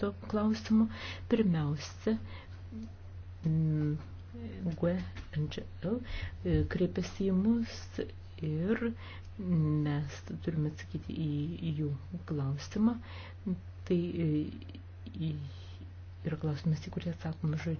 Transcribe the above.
to klausimo. Pirmiausia, mm, GUE kreipiasi į mus ir mes turime atsakyti į jų klausimą. Tai e, yra klausimas, į kurį atsakoma žodžiu.